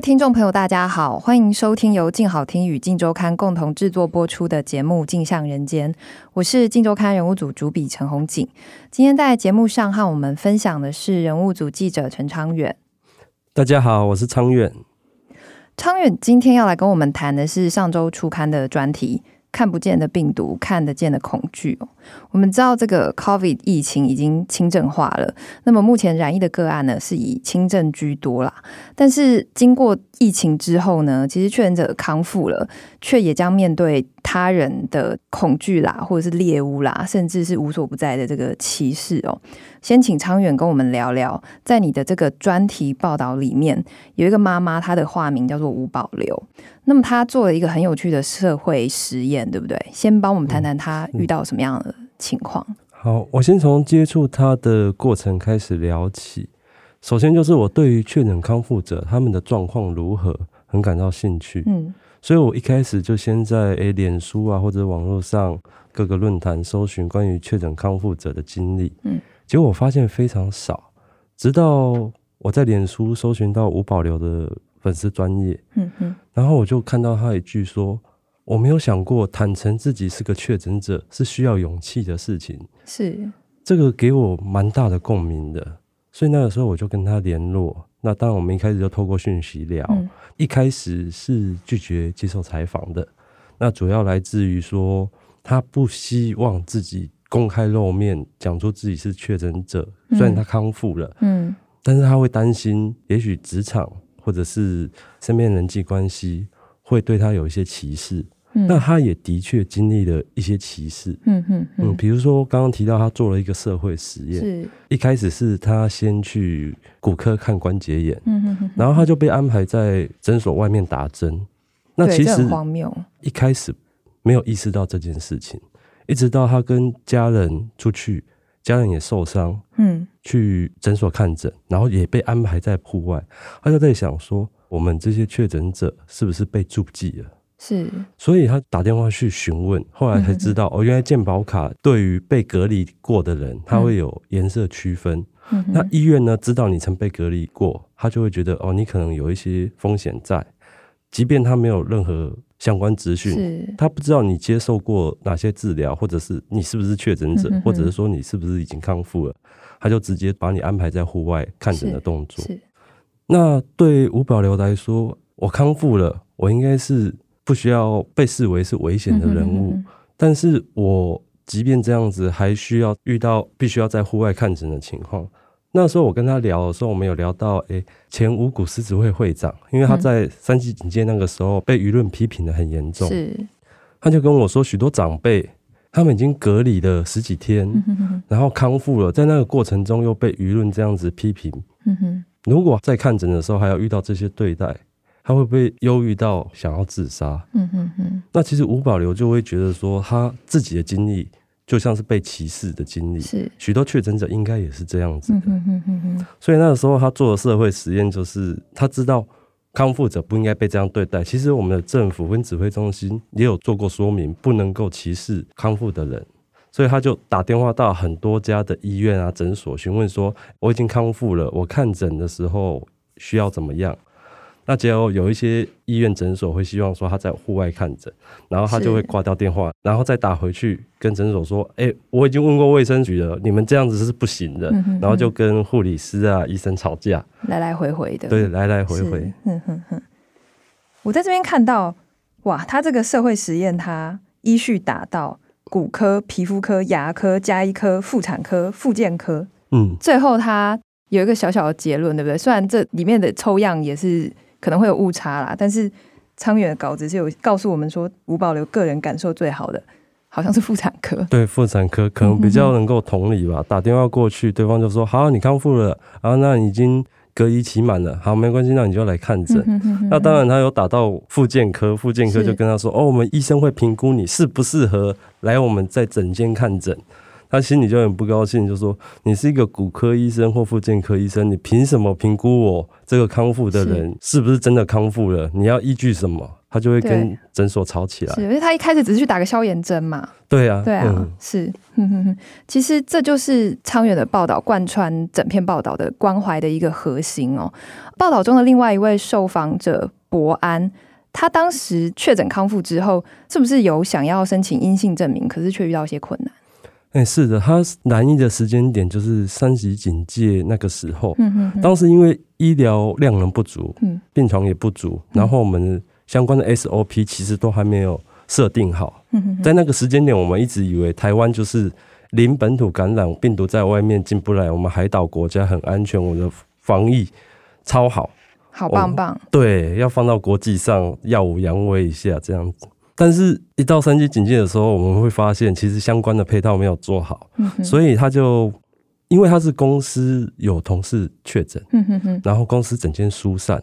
聽眾朋友，大家好，歡迎收聽由鏡好聽與鏡週刊共同製作播出的節目《鏡相人間》，我是鏡週刊人物組主筆陳虹瑾。今天在節目上和我們分享的是人物組記者陳昌遠。大家好，我是昌遠。昌遠今天要來跟我們談的是上周出刊的專題。看不見的病毒，看得見的恐懼。我們知道這個 COVID 疫情已經輕症化了，那麼目前染疫的個案呢，是以輕症居多啦。但是經過疫情之後呢，其實確診者康復了，卻也將面對。他人的恐懼啦，或者是獵巫啦，甚至是無所不在的這個歧視哦、喔。先請昌遠跟我們聊聊，在你的這個專題報道裡面，有一個媽媽，她的化名叫做無保留。那麼她做了一個很有趣的社會實驗，對不對？先幫我們談談她遇到什麼樣的情況。嗯嗯。好，我先從接觸她的過程開始聊起。首先就是我對於確診康復者他們的狀況如何很感到興趣。嗯。所以，我一開始就先在誒臉書啊，或者網絡上各個論壇搜尋關於確診康復者的經歷，嗯，結果我發現非常少。直到我在臉書搜尋到無保留的粉絲專頁，嗯哼，然後我就看到他一句說：“我沒有想過坦承自己是個確診者，是需要勇氣的事情。”是。是這個給我蠻大的共鳴的，所以那個時候我就跟他聯絡。那當然，我們一開始就透過訊息聊。嗯、一開始是拒絕接受採訪的，那主要來自於說他不希望自己公開露面，講出自己是確診者。嗯、雖然他康復了，嗯，但是他會擔心，也許職場或者是身邊人際關係會對他有一些歧視。那他也的確經歷了一些歧視，嗯哼，嗯，比如說剛剛提到他做了一個社會實驗，是，一開始是他先去骨科看關節炎，嗯哼，哼，然後他就被安排在診所外面打針，那其實荒謬，一開始沒有意識到這件事情，一直到他跟家人出去，家人也受傷，嗯，去診所看診，然後也被安排在戶外，他就在想說，我們這些確診者是不是被注記了？是，所以他打電話去詢問，後來才知道哦，原來健保卡對於被隔離過的人，嗯、他會有顏色區分。嗯、哼那醫院呢，知道你曾被隔離過，他就會覺得哦，你可能有一些風險在，即便他沒有任何相關資訊，是他不知道你接受過哪些治療，或者是你是不是確診者，嗯、哼哼或者是說你是不是已經康復了，他就直接把你安排在戶外看診的動作。那對吳保留來說，我康復了，我應該是。不需要被視為是危險的人物，嗯、哼哼但是我即便這樣子，還需要遇到必須要在戶外看診的情況。那時候我跟他聊的時候，我們有聊到，哎、欸，前五股獅子會會長，因為他在三級警戒那個時候被輿論批評得很嚴重，嗯、他就跟我說，許多長輩他們已經隔離了十幾天，嗯、哼哼然後康復了，在那個過程中又被輿論這樣子批評，嗯、哼如果在看診的時候還要遇到這些對待。他會不會憂鬱到想要自殺？嗯、哼哼那其實無保留就會覺得說，他自己的經歷就像是被歧視的經歷。是。許多確診者應該也是這樣子的。嗯、哼哼哼所以那個時候，他做的社會實驗就是，他知道康復者不應該被這樣對待。其實我們的政府跟指揮中心也有做過說明，不能夠歧視康復的人。所以他就打電話到很多家的醫院啊、診所詢問說：“我已經康復了，我看診的時候需要怎麼樣？”那就有一些醫院診所會希望說他在戶外看診，然後他就會掛掉電話，是然後再打回去跟診所說：“哎、欸，我已經問過衛生局了，你們這樣子是不行的。嗯嗯”然後就跟護理師啊、醫生吵架，來來回回的。對，來來回回。嗯、哼哼我在這邊看到，哇，他這個社會實驗，他依序打到骨科、皮膚科、牙科、家醫科、婦產科、復健科。嗯，最後他有一個小小的結論，對不對？雖然這裡面的抽樣也是。可能會有誤差啦，但是昌遠的稿子是有告訴我們說，無保留個人感受最好的，好像是婦產科。對，婦產科可能比較能夠同理吧。嗯、哼打電話過去，對方就說：“好、啊，你康復了，然、啊、後那你已經隔離期滿了，好、啊，沒關係，那你就來看診。嗯哼嗯哼”那當然，他有打到復健科，復健科就跟他說：“是哦，我們醫生會評估你適不適合來我們在診間看診。”他心裡就很不高興，就說：“你是一個骨科醫生或復健科醫生，你憑什麼評估我這個康復的人是不是真的康復了？你要依據什麼？”他就會跟診所吵起來。因為他一開始只是去打個消炎針嘛。對啊，對啊、嗯，是呵呵呵。其實這就是昌遠的報道貫穿整篇報道的關懷的一個核心哦、喔。報道中的另外一位受訪者伯安，他當時確診康復之後，是不是有想要申請陰性證明，可是卻遇到一些困難？哎，欸、是的，他難易的時間點就是三級警戒，那個時候。當時因為醫療量能不足，病床也不足，然後我們相關的 SOP 其實都還沒有設定好。在那個時間點，我們一直以為台灣就是零本土感染，病毒在外面進不來，我們海島國家很安全，我們的防疫超好，好棒棒。對，要放到國際上耀武揚威一下，這樣子。但是，一到三級警戒的時候，我們會發現，其實相關的配套沒有做好，嗯、哼所以他就因為他是公司有同事確診，嗯、哼哼然後公司整間疏散，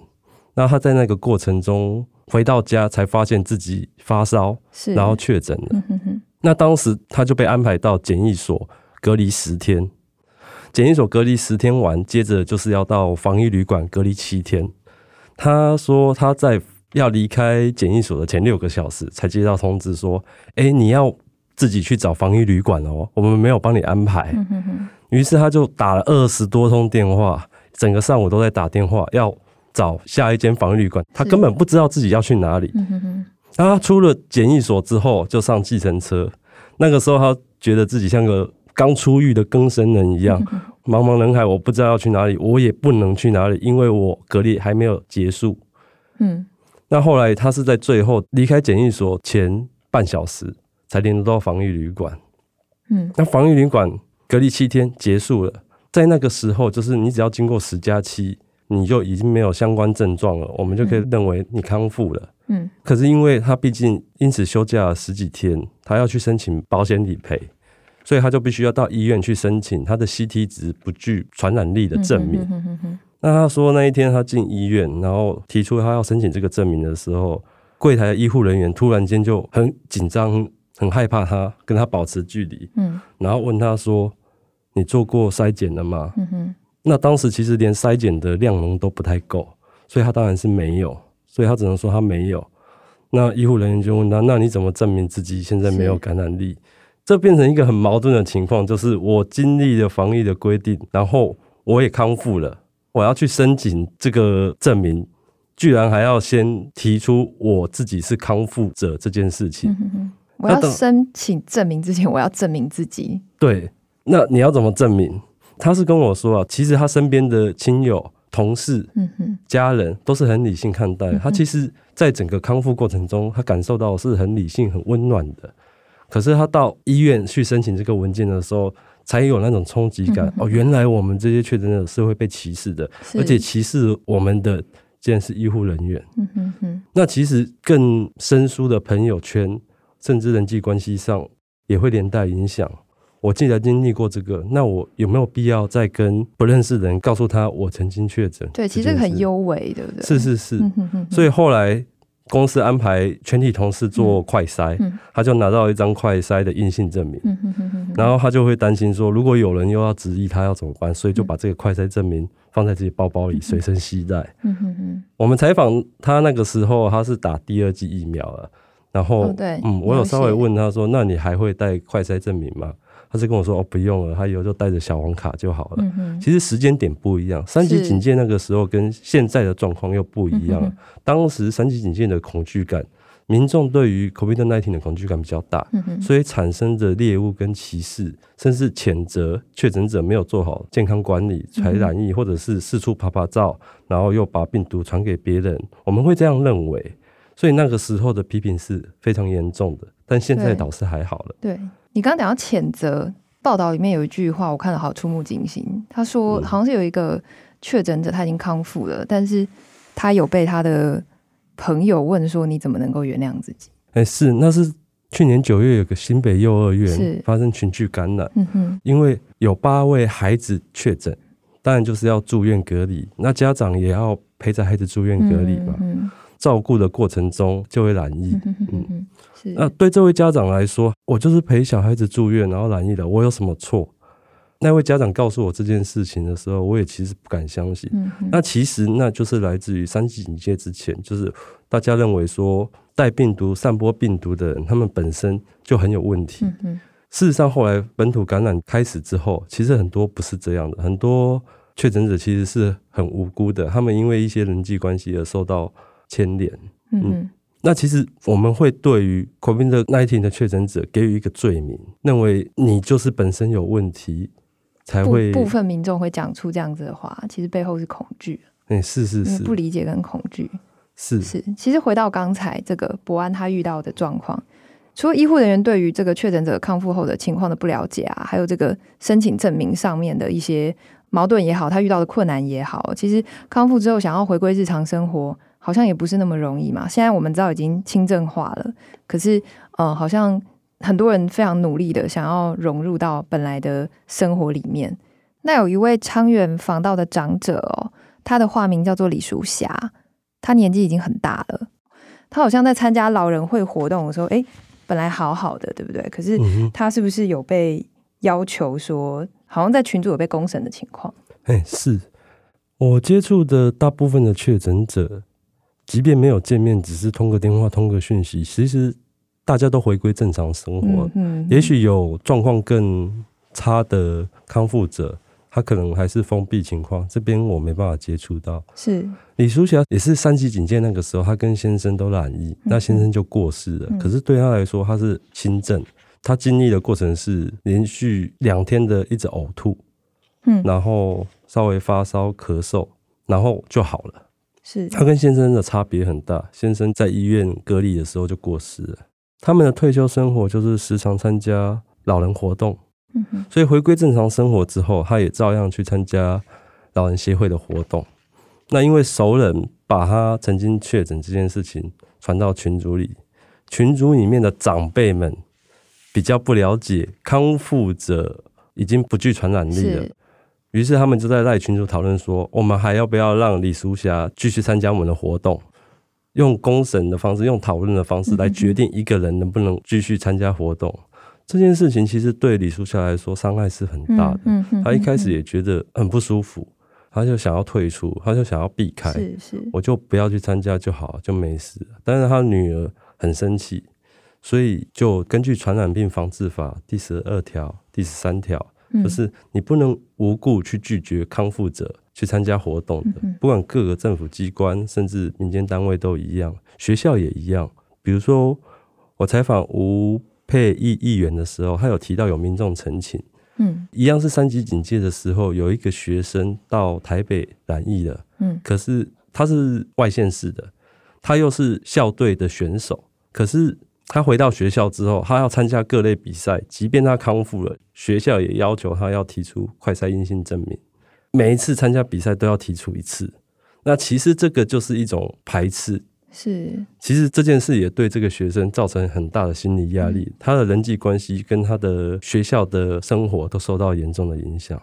那他在那個過程中回到家才發現自己發燒，是然後確診了。嗯、哼哼那當時他就被安排到檢疫所隔離十天，檢疫所隔離十天完，接着就是要到防疫旅館隔離七天。他說他在。要離開檢疫所的前六個小時，才接到通知說：“哎、欸，你要自己去找防疫旅館哦，我們沒有幫你安排。嗯哼哼”於是他就打了二十多通電話，整個上午都在打電話，要找下一間防疫旅館。的他根本不知道自己要去哪裡。當、嗯、他出了檢疫所之後，就上計程車。那個時候，他覺得自己像個剛出獄的更生人一樣，嗯、哼哼茫茫人海，我不知道要去哪裡，我也不能去哪裡，因為我隔離還沒有結束。嗯。那後來他是在最後離開檢疫所前半小時才聯絡到防疫旅館，嗯、那防疫旅館隔離七天結束了。在那個時候，就是你只要經過十加七，你就已經沒有相關症狀了，我們就可以認為你康復了。嗯、可是因為他畢竟因此休假了十幾天，他要去申請保險理賠，所以他就必須要到醫院去申請他的 CT 值、不具傳染力的證明。嗯嗯嗯嗯嗯。那他說那一天他進醫院，然後提出他要申請這個證明的時候，櫃檯的醫護人員突然間就很緊張、很害怕，他跟他保持距離，嗯，然後問他說：“你做過篩檢了嗎？”嗯哼。那當時其實連篩檢的量能都不太夠，所以他當然是沒有，所以他只能說他沒有。那醫護人員就問他：“那你怎麼證明自己現在沒有感染力？”這變成一個很矛盾的情況，就是我經歷了防疫的規定，然後我也康復了。我要去申請這個證明，居然還要先提出我自己是康復者這件事情、嗯哼。我要申請證明之前，我要證明自己。對，那你要怎麼證明？他是跟我說啊，其實他身邊的親友、同事、家人都是很理性看待、嗯哼。他。其實，在整個康復過程中，他感受到我是很理性、很溫暖的。可是他到醫院去申請這個文件的時候，才有那種衝擊感、嗯、哼哦！原來我們這些確診者是會被歧視的，是而且歧視我們的竟然是醫護人員。嗯、哼哼，那其實更生疏的朋友圈，甚至人際關係上也會連帶影響。我既然經歷過這個，那我有沒有必要再跟不認識的人告訴他我曾經確診？對、嗯，其實很幽微，對不對？是是是。嗯、哼哼，所以後來。公司安排全體同事做快篩，嗯嗯、他就拿到一張快篩的陰性證明，嗯、哼哼哼然後他就會擔心說，如果有人又要質疑他要怎麼辦，所以就把這個快篩證明放在自己包包裡隨身攜帶。嗯、哼哼我們採訪他那個時候，他是打第二劑疫苗了，然後、哦、嗯，我有稍微問他說，那你還會帶快篩證明嗎？他是跟我說：“哦，不用了，他以後就帶着小黃卡就好了。”其實時間點不一樣，三級警戒那個時候跟現在的狀況又不一樣。當時三級警戒的恐懼感民，民眾對於 COVID-19 的恐懼感比較大，所以產生的獵巫跟歧視，甚至譴責確診者沒有做好健康管理、傳染疫，或者是四處趴趴走，然後又把病毒傳給別人，我們會這樣認為。所以那個時候的批評是非常嚴重的，但現在倒是還好了。對。你剛剛講到譴責報道裡面有一句話，我看了好觸目驚心。他說好像是有一個確診者，他已經康復了，嗯、但是他有被他的朋友問說：“你怎麼能夠原諒自己？”欸、是，那是去年九月有個新北幼兒園是發生群聚感染，嗯、哼因為有八位孩子確診，當然就是要住院隔離，那家長也要陪著孩子住院隔離吧。嗯照顧的過程中就會染疫。嗯嗯，是。那對這位家長來說，我就是陪小孩子住院，然後染疫了，我有什麼錯？那位家長告訴我這件事情的時候，我也其實不敢相信。嗯嗯。那其實那就是來自於三級警戒之前，就是大家認為說帶病毒、散播病毒的人，他們本身就很有問題。嗯嗯。事實上，後來本土感染開始之後，其實很多不是這樣的，很多確診者其實是很無辜的，他們因為一些人際關係而受到牽連，嗯，嗯哼那其實我們會對於 COVID-19 的確診者給予一個罪名，認為你就是本身有問題才會，部分民眾會講出這樣子的話，其實背後是恐懼，嗯，是是是，不理解跟恐懼，是是。其實回到剛才這個博安他遇到的狀況，除了醫護人員對於這個確診者康復後的情況的不了解啊，還有這個申請證明上面的一些矛盾也好，他遇到的困難也好，其實康復之後想要回歸日常生活。好像也不是那麼容易嘛。現在我們知道已經輕症化了，可是呃，好像很多人非常努力的想要融入到本來的生活裡面。那有一位昌遠訪道的長者哦，他的化名叫做李淑霞，他年紀已經很大了。他好像在參加老人會活動的時候，哎、欸，本來好好的，對不對？可是他是不是有被要求說，好像在群組，有被公審的情況？哎、欸，是我接觸的大部分的確診者。即便沒有見面，只是通個電話、通個訊息，其實大家都回歸正常生活。嗯，嗯，也許有狀況更差的康復者，他可能還是封閉情況，這邊我沒辦法接觸到。是，李淑霞也是三級警戒那個時候，他跟先生都染疫，嗯、那先生就過世了。嗯、可是對他來說，他是輕症，他經歷的過程是連續兩天的一直嘔吐，嗯，然後稍微發燒、咳嗽，然後就好了。是他跟先生的差別很大。先生在醫院隔離的時候就過世了。他們的退休生活就是時常參加老人活動，嗯哼。所以回歸正常生活之後，他也照樣去參加老人協會的活動。那因為熟人把他曾經確診這件事情傳到群組裡，群組裡面的長輩們比較不了解，康復者已經不具傳染力了。於是他們就在 LINE 群組討論說，我們還要不要讓李淑霞繼續參加我們的活動？用公審的方式，用討論的方式來決定一個人能不能繼續參加活動。這件事情其實對李淑霞來說傷害是很大的。嗯，他一開始也覺得很不舒服，他就想要退出，他就想要避開，是是，我就不要去參加就好，就沒事。但是他女兒很生氣，所以就根據《傳染病防治法》第十二條、第十三條。就是你不能無故去拒絕康復者去參加活動的，不管各個政府機關甚至民間單位都一樣，學校也一樣。比如說，我採訪吳沛憶議員的時候，他有提到有民眾陳情，一樣是三級警戒的時候，有一個學生到台北染疫了，可是他是外縣市的，他又是校隊的選手，可是。他回到學校之後，他要參加各類比賽，即便他康復了，學校也要求他要提出快篩陰性證明。每一次參加比賽都要提出一次，那其實這個就是一種排斥。是，其實這件事也對這個學生造成很大的心理壓力，嗯、他的人際關係跟他的學校的生活都受到嚴重的影響。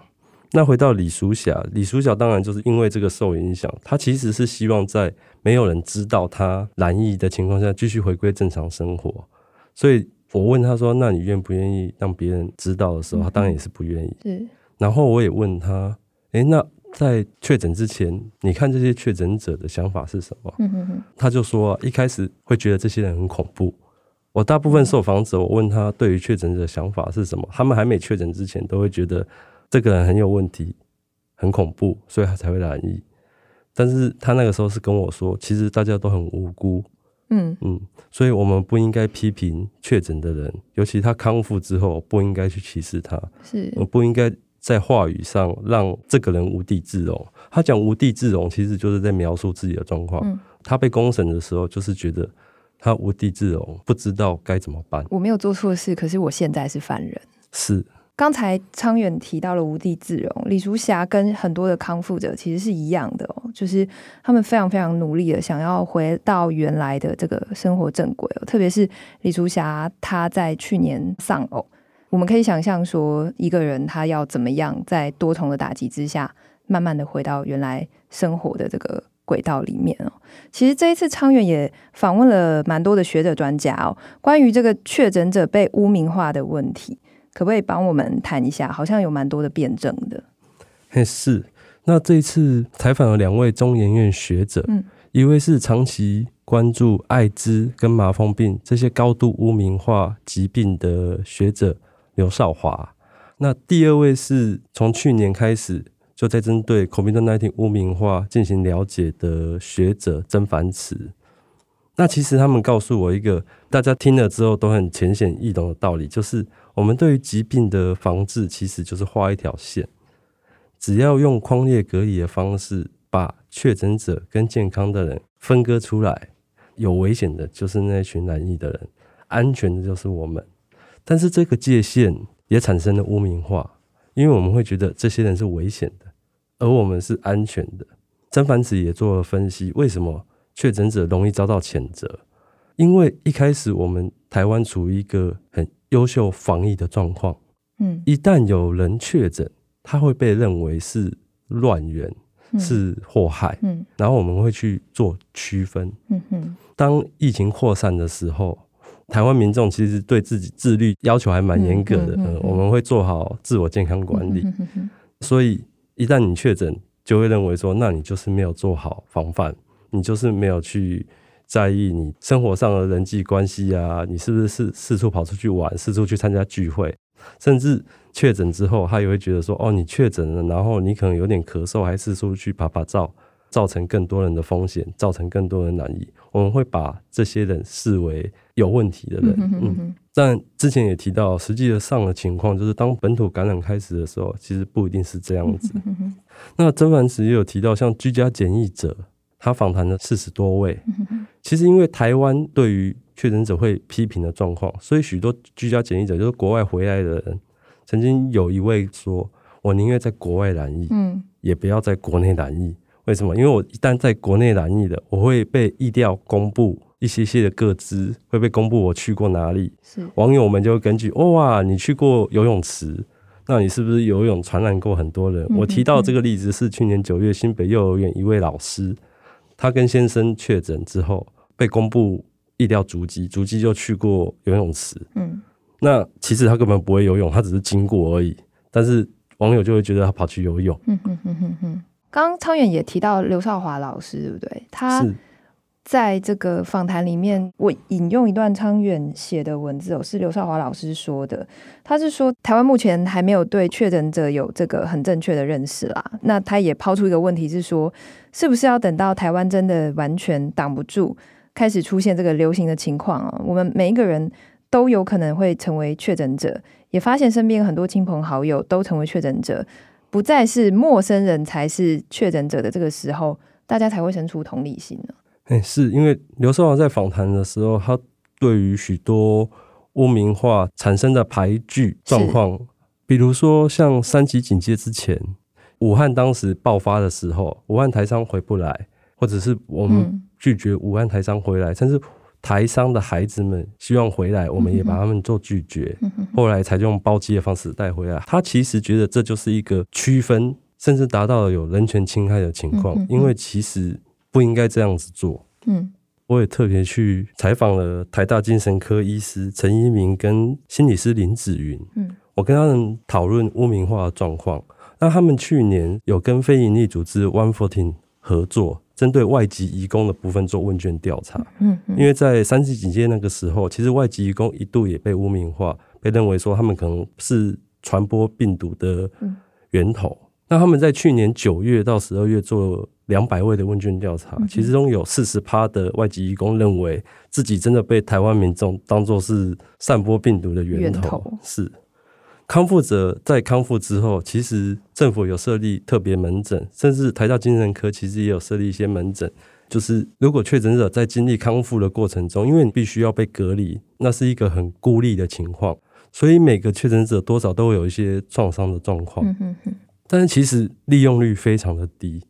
那回到李淑霞，李淑霞當然就是因為這個受影響，她其實是希望在沒有人知道她染疫的情況下繼續回歸正常生活。所以我問她說：“那你願不願意讓別人知道？”的時候，她當然也是不願意。嗯、是然後我也問她：“誒，那在確診之前，你看這些確診者的想法是什麼？”她、嗯、他就說、啊、一開始會覺得這些人很恐怖。我大部分受訪者，我問他對於確診者的想法是什麼？他們還沒確診之前，都會覺得。這個人很有問題，很恐怖，所以他才會染疫。但是他那個時候是跟我說，其實大家都很無辜，嗯嗯，所以我們不應該批評確診的人，尤其他康復之後，不應該去歧視他，是，我不應該在話語上讓這個人無地自容。他講無地自容，其實就是在描述自己的狀況。嗯、他被公審的時候，就是覺得他無地自容，不知道該怎麼辦。我沒有做錯事，可是我現在是犯人。是。剛才昌遠提到了無地自容，李竹霞跟很多的康復者其實是一樣的哦，就是他們非常非常努力的想要回到原來的這個生活正軌哦。特別是李竹霞，她在去年喪偶，我們可以想象說一個人他要怎麼樣在多重的打擊之下，慢慢的回到原來生活的這個軌道裡面哦。其實這一次昌遠也訪問了蠻多的學者專家哦，關於這個確診者被污名化的問題。可不可以幫我們談一下？好像有蠻多的辯證的。嘿，是，那這一次採訪了兩位中研院學者，嗯，一位是長期關注艾滋跟麻風病這些高度污名化疾病的學者劉紹華，那第二位是從去年開始就在針對 COVID-19 污名化進行了解的學者曾凡慈。那其實他們告訴我一個大家聽了之後都很淺顯易懂的道理，就是。我們對於疾病的防治其實就是畫一條線，只要用匡列隔離的方式，把確診者跟健康的人分割出來，有危險的就是那群染疫的人，安全的就是我們。但是這個界限也產生了污名化，因為我們會覺得這些人是危險的，而我們是安全的。曾凡子也做了分析，為什麼確診者容易遭到譴責？因為一開始我們台灣處於一個很優秀防疫的狀況，一旦有人確診，他會被認為是亂源，是禍害，然後我們會去做區分，當疫情擴散的時候，台灣民眾其實對自己自律要求還蠻嚴格的，呃，我們會做好自我健康管理，所以一旦你確診，就會認為說，那你就是沒有做好防範，你就是沒有去在意你生活上的人際關係啊，你是不是是四處跑出去玩，四處去參加聚會，甚至確診之後，他也會覺得說，哦，你確診了，然後你可能有點咳嗽，還四處去趴趴走，造成更多人的風險，造成更多人難以……’我們會把這些人視為有問題的人。嗯 嗯。但之前也提到，實際上的情況就是，當本土感染開始的時候，其實不一定是這樣子。 那曾凡時也有提到，像居家檢疫者，他訪談了四十多位。 其實，因為台灣對於確診者會批評的狀況，所以許多居家檢疫者，就是國外回來的人，曾經有一位說：“我寧願在國外染疫，嗯、也不要在國內染疫。為什麼？因為我一旦在國內染疫的，我會被疫調公布一些些的個資，會被公布我去過哪裡。是網友們就會根據、哦、哇，你去過游泳池，那你是不是游泳傳染過很多人？嗯嗯，我提到這個例子是去年九月新北幼兒園一位老師，他跟先生確診之後。被公布一條足跡，足跡就去過游泳池。嗯，那其實他根本不會游泳，他只是經過而已。但是網友就會覺得他跑去游泳。嗯哼哼哼哼。剛、嗯、剛、嗯嗯、昌遠也提到劉少華老師，對不對？他在這個訪談裡面，是我引用一段昌遠寫的文字哦、喔，是劉少華老師說的。他是說台灣目前還沒有對確診者有這個很正確的認識啦。那他也拋出一個問題，是說是不是要等到台灣真的完全擋不住？開始出現這個流行的情況啊，我們每一個人都有可能會成為確診者，也發現身邊很多親朋好友都成為確診者，不再是陌生人才是確診者的這個時候，大家才會生出同理心呢、啊欸。是因為劉少華在訪談的時候，他對於許多汙名化產生的排拒狀況，是比如說像三級警戒之前，武漢當時爆發的時候，武漢台商回不來，或者是我們、嗯。拒絕武漢台商回來，甚至台商的孩子們希望回來，我們也把他們做拒絕。嗯、哼後來才用包機的方式帶回來。他其實覺得這就是一個區分，甚至達到了有人權侵害的情況，嗯嗯，因為其實不應該這樣子做。嗯、我也特別去採訪了台大精神科醫師陳一鳴跟心理師林子雲。嗯、我跟他們討論汙名化的狀況。那他們去年有跟非營利組織 One Fourteen 合作。針對外籍移工的部分做問卷調查，嗯哼，因為在三級警戒那個時候，其實外籍移工一度也被污名化，被認為說他們可能是傳播病毒的源頭。那、嗯、他們在去年九月到十二月做了兩百位的問卷調查，嗯、哼其中有四十趴的外籍移工認為自己真的被台灣民眾當作是散播病毒的源頭，源頭是。康復者在康復之後，其實政府有設立特別門診，甚至台大精神科其實也有設立一些門診。就是如果確診者在經歷康復的過程中，因為你必須要被隔離，那是一個很孤立的情況，所以每個確診者多少都會有一些創傷的狀況。但是其實利用率非常的低。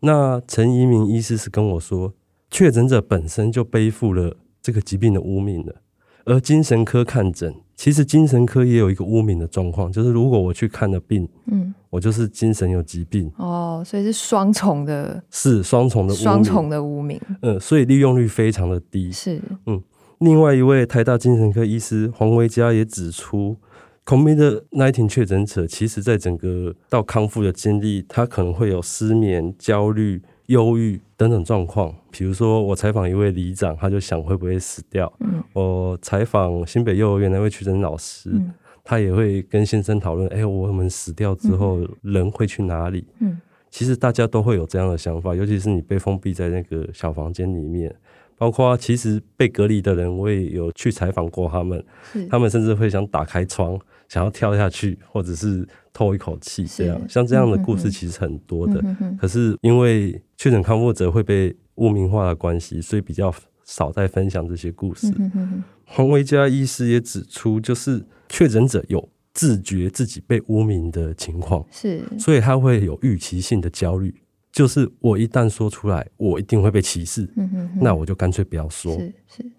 那陳怡民醫師是跟我說，確診者本身就背負了這個疾病的污名的，而精神科看診。其實精神科也有一個污名的狀況，就是如果我去看了病，嗯、我就是精神有疾病哦，所以是雙重的，是雙重的污名，雙重的污名，嗯，所以利用率非常的低，是，嗯，另外一位台大精神科醫師黃維嘉也指出，COVID-19 確診者，其實在整個到康復的經歷，他可能會有失眠、焦慮。憂鬱等等狀況，比如說我採訪一位里長，他就想會不會死掉。嗯、我採訪新北幼兒園那位屈貞老師，嗯、他也會跟先生討論：哎、欸，我們死掉之後，嗯、哼人會去哪裡？嗯、其實大家都會有這樣的想法，尤其是你被封閉在那個小房間裡面。包括其實被隔離的人，我也有去採訪過他們，是他們甚至會想打開窗，想要跳下去，或者是透一口氣這樣。是像這樣的故事其實很多的，嗯、哼哼可是因為確診康復者會被污名化的關係，所以比較少在分享這些故事。嗯、哼哼黃維嘉醫師也指出，就是確診者有自覺自己被污名的情況，是所以他會有預期性的焦慮。就是我一旦說出來，我一定會被歧視。嗯、哼那我就乾脆不要說。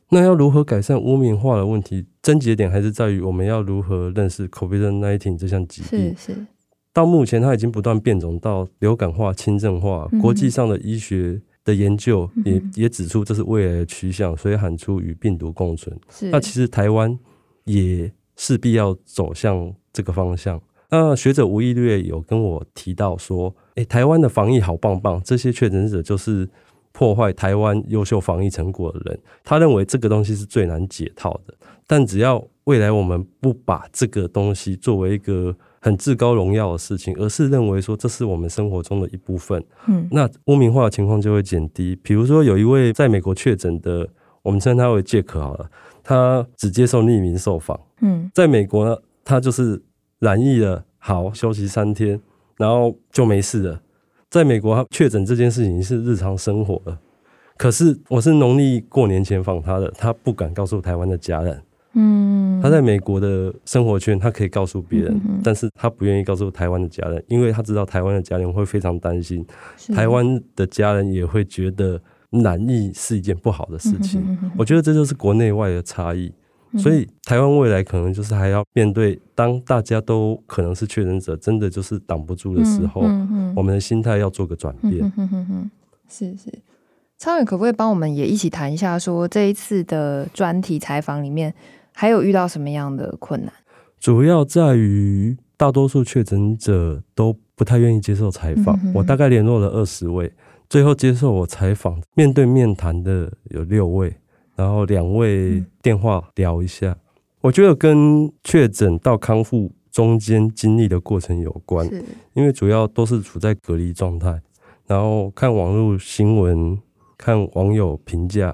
那要如何改善污名化的問題？症結點還是在於我們要如何認識 COVID-19 這項疾病。到目前，它已經不斷變種，到流感化、輕症化。嗯、哼國際上的醫學的研究也、嗯、哼也指出，這是未來的趨向。所以喊出與病毒共存。是那其實台灣也勢必要走向這個方向。那學者吳一略有跟我提到說，誒、欸，台灣的防疫好棒棒，這些確診者就是破壞台灣優秀防疫成果的人。他認為這個東西是最難解套的。但只要未來我們不把這個東西作為一個很至高榮耀的事情，而是認為說這是我們生活中的一部分，嗯，那污名化的情況就會減低。比如說有一位在美國確診的，我們稱他為傑克好了，他只接受匿名受訪，嗯，在美國呢，他就是。染疫了，好休息三天，然後就沒事了。在美國他確診這件事情是日常生活的。可是我是農曆過年前訪他的，他不敢告訴台灣的家人。嗯、他在美國的生活圈他可以告訴別人，嗯、哼但是他不願意告訴台灣的家人，因為他知道台灣的家人會非常擔心，的台灣的家人也會覺得染疫是一件不好的事情。嗯、哼我覺得這就是國內外的差異。所以，台灣未來可能就是還要面對，當大家都可能是確診者，真的就是擋不住的時候，嗯嗯嗯、我們的心態要做個轉變。是、嗯嗯嗯嗯、是，昌遠可不可以幫我們也一起談一下說，說這一次的專題採訪裡面，還有遇到什麼樣的困難？主要在於大多數確診者都不太願意接受採訪。嗯嗯嗯、我大概聯絡了二十位，最後接受我採訪、面對面談的有六位。然後兩位電話聊一下，嗯、我覺得跟確診到康復中間經歷的過程有關，是因為主要都是處在隔離狀態。然後看網絡新聞，看網友評價，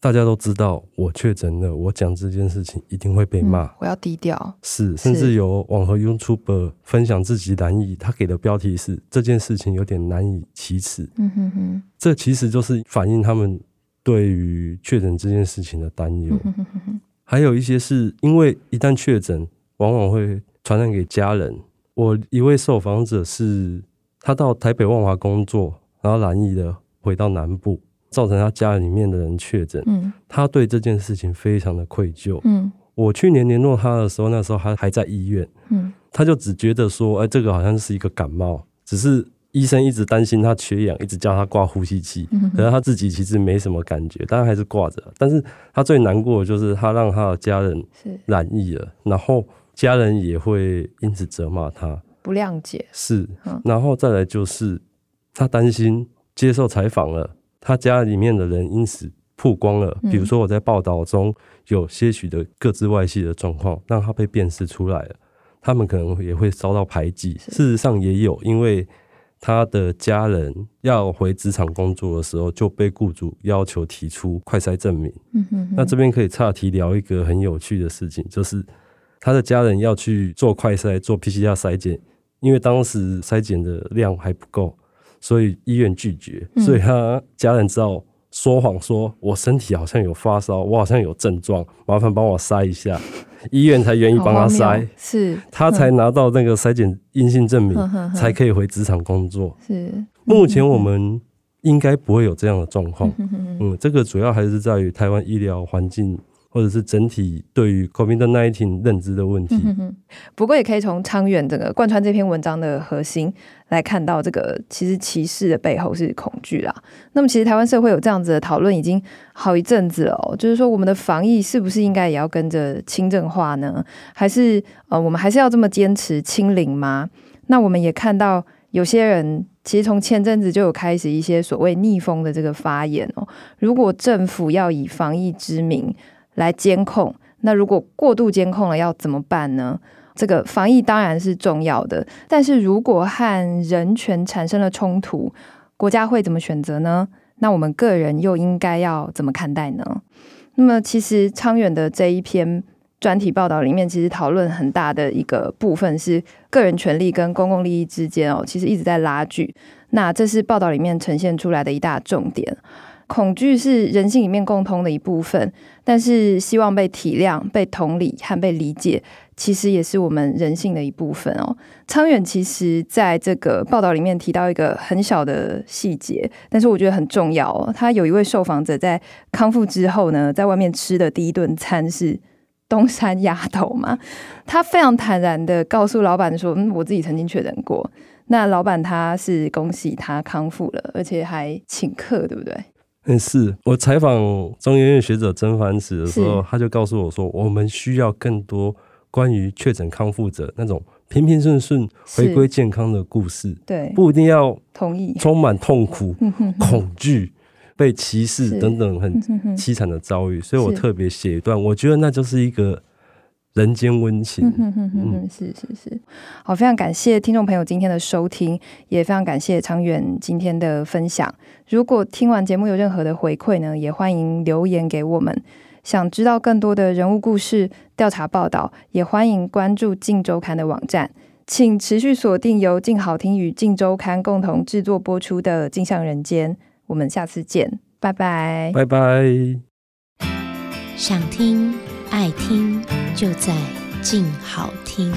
大家都知道我確診了，我講這件事情一定會被罵。嗯、我要低調。是，甚至有網紅 YouTuber 分享自己難以，他給的標題是,是這件事情有點難以啟齒。嗯哼哼，這其實就是反映他們。對於確診這件事情的擔憂，嗯、哼哼哼還有一些是因為一旦確診，往往會傳染給家人。我一位受訪者是，他到台北萬華工作，然後南移的回到南部，造成他家裡面的人確診。嗯、他對這件事情非常的愧疚。嗯、我去年聯絡他的時候，那時候他還在醫院。嗯、他就只覺得說，哎，這個好像是一個感冒，只是。醫生一直擔心他缺氧，一直叫他掛呼吸器。嗯、哼可是他自己其實沒什麼感覺，但還是掛着。但是他最難過的就是他讓他的家人染疫了，是然後家人也會因此責罵他，不諒解。是，嗯、然後再來就是他擔心接受採訪了，他家裡面的人因此曝光了。嗯、比如說我在報道中有些許的個資外洩的狀況，讓他被辨識出來了，他們可能也會遭到排擠。是事實上也有，因為。他的家人要回職場工作的時候，就被雇主要求提出快篩證明。嗯、哼哼。那這邊可以岔題聊一個很有趣的事情，就是他的家人要去做快篩、做 PCR 篩檢，因為當時篩檢的量還不夠，所以醫院拒絕。嗯、所以他家人知道說謊，說，說我身體好像有發燒，我好像有症狀，麻煩幫我篩一下。 醫院才願意幫他篩，是，他才拿到那個篩檢陰性證明，呵呵呵才可以回職場工作。是，目前我們應該不會有這樣的狀況。嗯，嗯，這個主要還是在於台灣醫療環境。或者是整體對於 COVID-19 認知的問題，嗯哼哼，不過也可以從長遠整個貫穿這篇文章的核心來看到，這個其實歧視的背後是恐懼啊。那麼，其實台灣社會有這樣子的討論已經好一陣子了哦，就是說我們的防疫是不是應該也要跟着輕症化呢？還是呃，我們還是要這麼堅持清零嗎？那我們也看到有些人其實從前陣子就有開始一些所謂逆風的這個發言哦，如果政府要以防疫之名來監控，那如果過度監控了，要怎麼辦呢？這個防疫當然是重要的，但是如果和人權產生了衝突，國家會怎麼選擇呢？那我們個人又應該要怎麼看待呢？那麼，其實昌遠的這一篇專題報道裡面，其實討論很大的一個部分是個人權利跟公共利益之間哦，其實一直在拉鋸。那這是報道裡面呈現出來的一大重點。恐懼是人性裡面共通的一部分，但是希望被體諒、被同理和被理解，其實也是我們人性的一部分哦。昌遠其實在這個報道裡面提到一個很小的細節，但是我覺得很重要哦，他有一位受訪者在康復之後呢，在外面吃的第一頓餐是東山鴨頭嘛？他非常坦然的告訴老板說：“嗯，我自己曾經確診過。”那老板他是恭喜他康復了，而且還請客，對不對？嗯，是我採訪中研院學者曾凡慈的時候，是他就告訴我說，我們需要更多關於確診康復者那種平平順順回歸健康的故事，對，不一定要同意，充滿痛苦、恐懼、被歧視等等很淒慘的遭遇，所以我特別寫一段，我覺得那就是一個。人間溫情，嗯哼哼哼，是是是，好，非常感謝聽眾朋友今天的收聽，也非常感謝長遠今天的分享。如果聽完節目有任何的回饋呢，也歡迎留言給我們。想知道更多的人物故事、調查報道，也歡迎關注《鏡週刊》的網站。請持續鎖定由《鏡好聽》與《鏡週刊》共同製作播出的《鏡像人間》，我們下次見，拜拜，拜拜。想聽。愛聽就在靜好聽。